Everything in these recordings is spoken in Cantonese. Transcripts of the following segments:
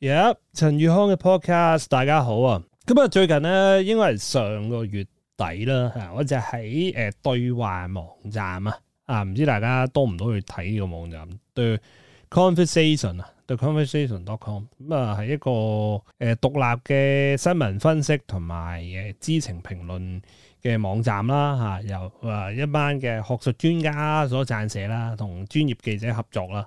耶！陳宇、yeah, 康嘅 podcast，大家好啊！咁啊，最近咧，應該係上個月底啦，我就喺誒對話網站啊，啊，唔知道大家多唔多去睇呢個網站？對 conversation 啊，對 conversation.com 咁啊，係一個誒獨立嘅新聞分析同埋誒知情評論嘅網站啦，吓由啊一班嘅學術專家所撰寫啦，同專業記者合作啦。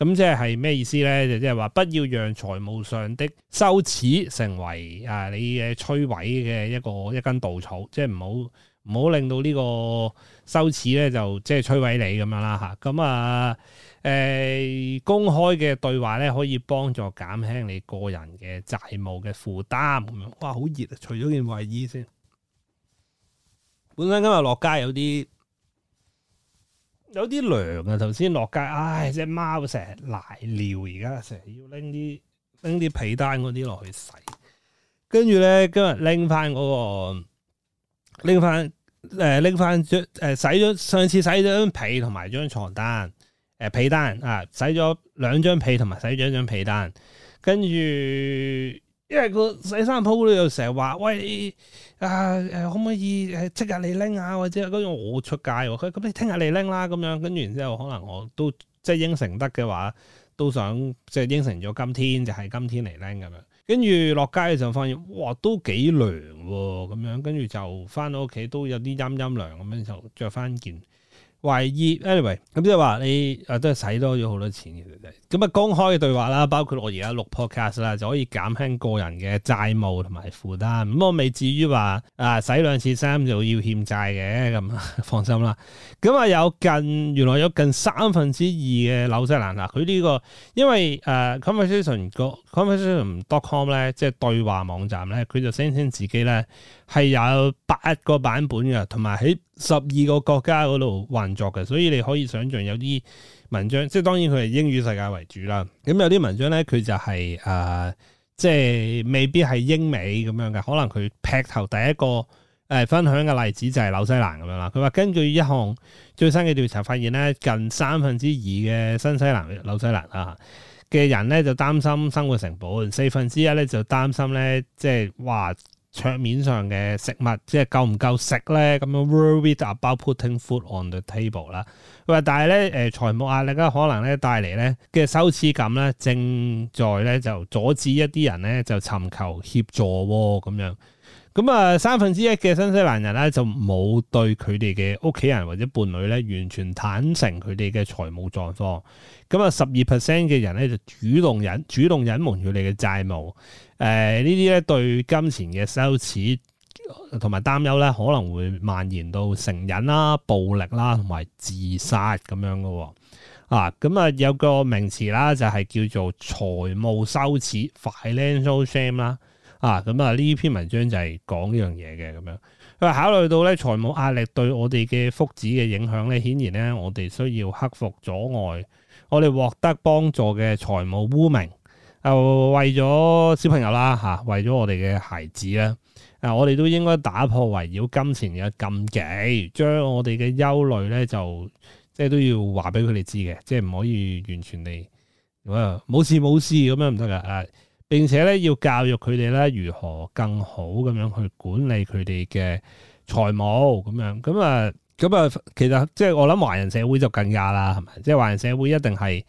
咁即係咩意思咧？就即係話不要讓財務上的羞恥成為你嘅摧毀嘅一個一根稻草，即係唔好唔好令到呢個羞恥咧就即係摧毀你咁樣啦吓。咁啊誒，公開嘅對話咧可以幫助減輕你個人嘅債務嘅負擔。哇，好熱啊！除咗件衛衣先，本身今日落街有啲。有啲涼啊！頭先落街，唉，隻貓成日瀨尿，而家成日要拎啲拎啲被單嗰啲落去洗。跟住咧，今日拎翻嗰個拎翻誒拎翻張誒洗咗上次洗咗張被同埋張床單誒被單啊，洗咗兩張被同埋洗咗一張被單，跟住。因為個洗衫鋪咧又成日話喂啊，誒可唔可以誒即日你拎啊或者嗰種我出街，佢咁你聽日你拎啦咁樣，跟住然之後可能我都即係應承得嘅話，都想即係應承咗今天就係、是、今天嚟拎咁樣，跟住落街嘅時候發現哇都幾涼喎，咁樣跟住就翻到屋企都有啲陰陰涼咁樣就着翻件。懷疑，anyway，咁即係話你誒、啊、都係使多咗好多錢嘅啫。咁啊，公開嘅對話啦，包括我而家錄 podcast 啦，就可以減輕個人嘅債務同埋負擔。咁、啊、我未至於話啊，使兩次三次就要欠債嘅咁、啊，放心啦。咁啊，有近原來有近三分之二嘅紐西蘭嗱，佢、啊、呢、呢個因為誒 conversation 個 conversation.com 咧，即、啊、係、啊就是、對話網站咧，佢就聲稱自己咧係有八個版本嘅，同埋喺十二個國家嗰度運作嘅，所以你可以想象有啲文章，即係當然佢係英語世界為主啦。咁有啲文章咧、就是，佢、呃、就係誒，即係未必係英美咁樣嘅，可能佢劈頭第一個誒分享嘅例子就係紐西蘭咁樣啦。佢話根據一項最新嘅調查，發現咧近三分之二嘅新西蘭紐西蘭啊嘅人咧就擔心生活成本，四分之一咧就擔心咧即係話。桌面上嘅食物即係夠唔夠食咧，咁樣 worried about putting food on the table 啦。喂，但係咧，誒財務壓力咧，可能咧帶嚟咧嘅羞恥感咧，正在咧就阻止一啲人咧就尋求協助喎、哦，咁樣。咁啊，三分之一嘅新西蘭人咧就冇對佢哋嘅屋企人或者伴侶咧完全坦誠佢哋嘅財務狀況。咁啊，十二 percent 嘅人咧就主動隱主動隱瞞佢哋嘅債務。誒、呃、呢啲咧對金錢嘅羞恥同埋擔憂咧，可能會蔓延到成癮啦、暴力啦同埋自殺咁樣㗎喎。啊，咁啊有個名詞啦，就係、是、叫做財務羞恥 （financial shame） 啦。啊，咁啊呢篇文章就係講呢樣嘢嘅咁樣。佢話考慮到咧財務壓力對我哋嘅福祉嘅影響咧，顯然咧我哋需要克服阻礙，我哋獲得幫助嘅財務污名。啊，為咗小朋友啦吓，為咗我哋嘅孩子啦，啊，我哋都應該打破圍繞金錢嘅禁忌，將我哋嘅憂慮咧就即係都要話俾佢哋知嘅，即係唔可以完全嚟，哎，冇事冇事咁樣唔得噶！並且咧，要教育佢哋咧，如何更好咁樣去管理佢哋嘅財務咁樣，咁啊咁啊，其實即係我諗華人社會就更加啦，係咪？即係華人社會一定係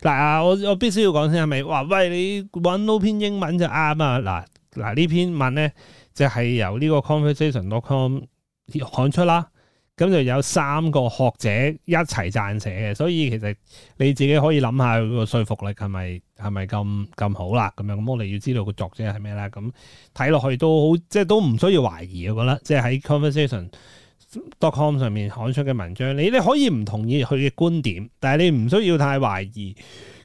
嗱啊！我我必須要講先，係咪？哇！喂，你搵到篇英文就啱啊！嗱嗱，呢篇文咧就係由呢個 conversation.com 刊出啦。咁就有三個學者一齊撰寫嘅，所以其實你自己可以諗下佢個說服力係咪係咪咁咁好啦，咁樣咁我哋要知道個作者係咩啦，咁睇落去都好，即係都唔需要懷疑我覺得，即係喺 conversation.com 上面刊出嘅文章，你你可以唔同意佢嘅觀點，但係你唔需要太懷疑。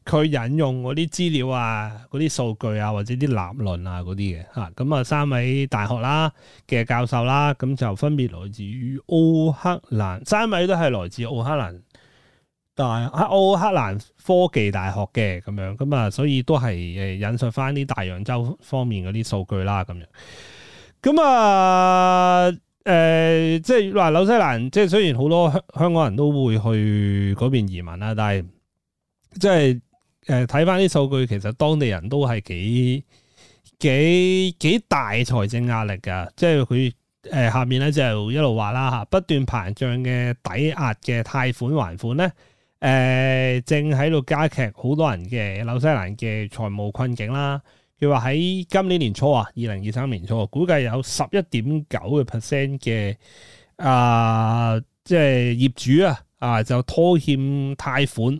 佢引用嗰啲資料啊、嗰啲數據啊，或者啲立論的啊嗰啲嘅嚇，咁啊三位大學啦嘅教授啦，咁就分別來自於奧克蘭，三位都係來自奧克蘭大、奧克蘭科技大學嘅咁樣，咁啊，所以都係誒引述翻啲大洋洲方面嗰啲數據啦咁樣。咁啊，誒、呃、即係話紐西蘭，即係雖然好多香港人都會去嗰邊移民啦，但係即係。誒，睇翻啲數據，其實當地人都係幾幾幾大財政壓力噶，即係佢誒下面咧就一路話啦吓，不斷膨脹嘅抵押嘅貸款還款咧，誒、呃、正喺度加劇好多人嘅紐西蘭嘅財務困境啦。佢話喺今年年初啊，二零二三年初，估計有十一點九嘅 percent 嘅啊，即係業主啊啊就拖欠貸款。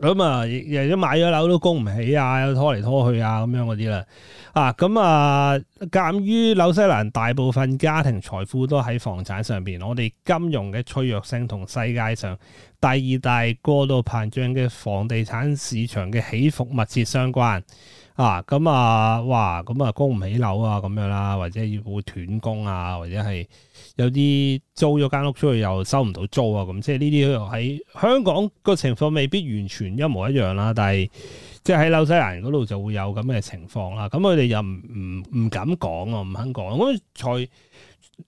咁啊，亦都買咗樓都供唔起啊，拖嚟拖去啊，咁樣嗰啲啦，啊咁啊，鑑於紐西蘭大部分家庭財富都喺房產上面，我哋金融嘅脆弱性同世界上第二大過度膨脹嘅房地產市場嘅起伏密切相關。啊，咁啊，哇，咁啊，供唔起樓啊，咁樣啦，或者會斷供啊，或者係有啲租咗間屋出去又收唔到租啊，咁即係呢啲喺香港個情況未必完全一模一樣啦，但係即係喺紐西蘭嗰度就會有咁嘅情況啦。咁佢哋又唔唔唔敢講啊，唔肯講。咁財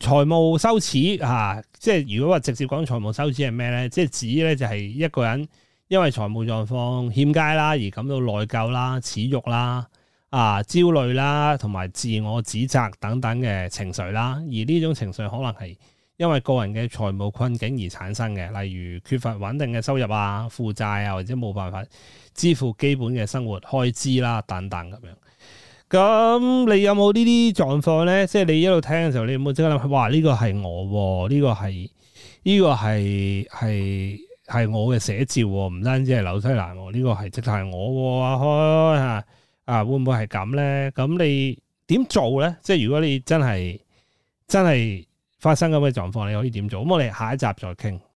財務羞恥啊，即係如果話直接講財務羞恥係咩咧？即係指咧就係一個人。因為財務狀況欠佳啦，而感到內疚啦、恥辱啦、啊焦慮啦，同埋自我指責等等嘅情緒啦。而呢種情緒可能係因為個人嘅財務困境而產生嘅，例如缺乏穩定嘅收入啊、負債啊，或者冇辦法支付基本嘅生活開支啦、啊，等等咁樣。咁、嗯、你有冇呢啲狀況呢？即係你一路聽嘅時候，你有冇即刻諗？哇！呢、呢個係我、啊，呢、呢個係呢、呢個係係。係我嘅寫照喎，唔單止係紐西蘭喎，呢個係即係我喎，啊嚇啊，會唔會係咁咧？咁你點做咧？即如果你真係真係發生咁嘅狀況，你可以點做？咁我哋下一集再傾。